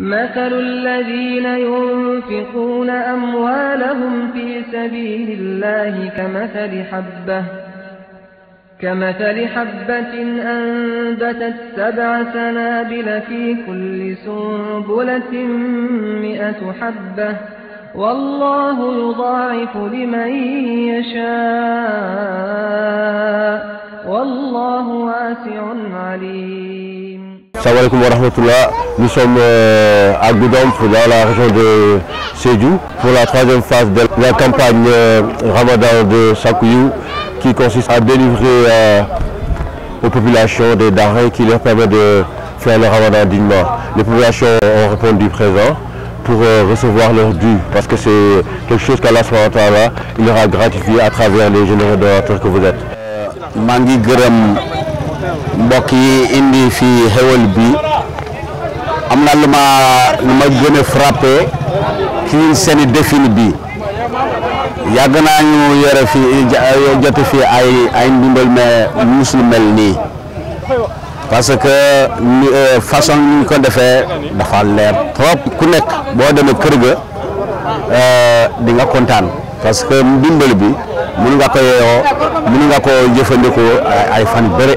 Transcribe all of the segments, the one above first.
مثل الذين ينفقون أموالهم في سبيل الله كمثل حبة كمثل حبة أنبتت سبع سنابل في كل سنبلة مئة حبة والله يضاعف لمن يشاء Salam Nous sommes euh, à Goudomp, dans la région de Sédou, pour la troisième phase de la campagne euh, Ramadan de Sakouyou, qui consiste à délivrer euh, aux populations des darins qui leur permettent de faire le Ramadan dignement. Les populations ont répondu présent pour recevoir leurs dû, parce que c'est quelque chose qu'Allah il leur a gratifié à travers les généraux de que vous êtes. mbokk yi indi fi xewal bi am na lu ma lu ma gën frappé ci seeni défini bi yàgg naa ñu yore fi jote fi ay ay ndimbal mais musul mel nii parce que euh, façon ñu ko defee dafa leer trop ku nekk boo demee kër euh, di nga kontaan parce que ndimbal bi mënu nga ko yeewoo mënu nga ko jëfandikoo ay fan bëre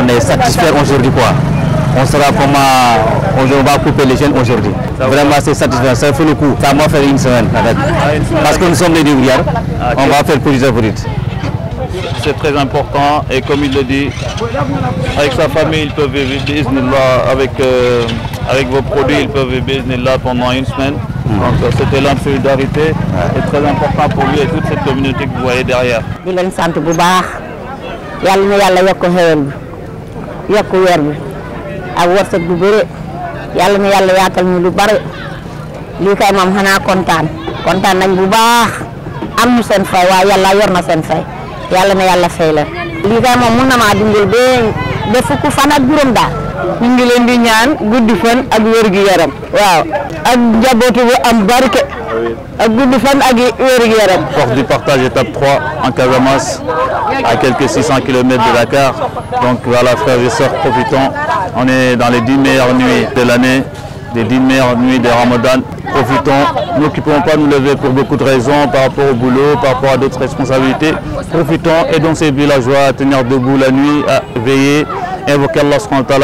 on est satisfait aujourd'hui quoi. On sera comment on va couper les jeunes aujourd'hui. Vraiment c'est satisfaisant, ça fait le coup. Ça m'a fait une semaine Parce que nous sommes les débrouillards, ah, on va faire plusieurs C'est très important et comme il le dit, avec sa famille, ils peuvent vivre avec, euh, avec vos produits, ils peuvent vivre là pendant une semaine. Hmm. Donc cet élan de solidarité est très important pour lui et toute cette communauté que vous voyez derrière. yokk weer bi ak wërsëg bu bëre yàlla na yàlla yaatal ñu lu bari lii kay moom xanaa kontaan kontaan nañ bu baax am sen seen fay waaye yàlla yor na seen fay yàlla na yàlla fay leen. lii kay moom mun na maa dimbali ba ba fukk fan ak juróom daal. ñu ngi leen di ñaan guddi fan ak wér gi yaram. waaw ak njabootu bu am barke. ak guddi fan ak wér gi yaram. force partage étape 3 en Casamance. à quelques 600 km de Dakar. Donc voilà, frères et sœurs, profitons. On est dans les 10 meilleures nuits de l'année, les 10 meilleures nuits de Ramadan. Profitons, nous qui ne pouvons pas nous lever pour beaucoup de raisons, par rapport au boulot, par rapport à d'autres responsabilités. Profitons, Et donc ces villageois à tenir debout la nuit, à veiller invoquer Allah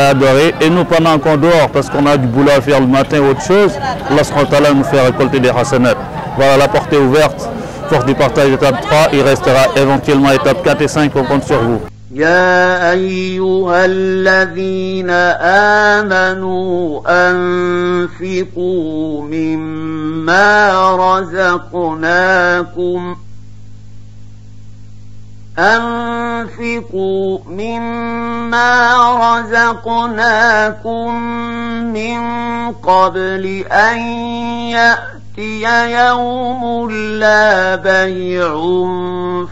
à adorer et nous pendant qu'on dort, parce qu'on a du boulot à faire le matin ou autre chose, Allah SWT nous fait récolter des hasanats. Voilà la porte est ouverte, force du partage étape 3, il restera éventuellement étape 4 et 5, on compte sur vous. يا أيها الذين آمنوا أنفقوا مما رزقناكم يأتي يوم لا بيع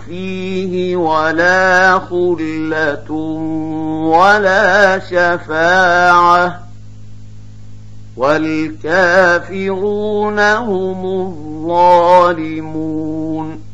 فيه ولا خلة ولا شفاعة والكافرون هم الظالمون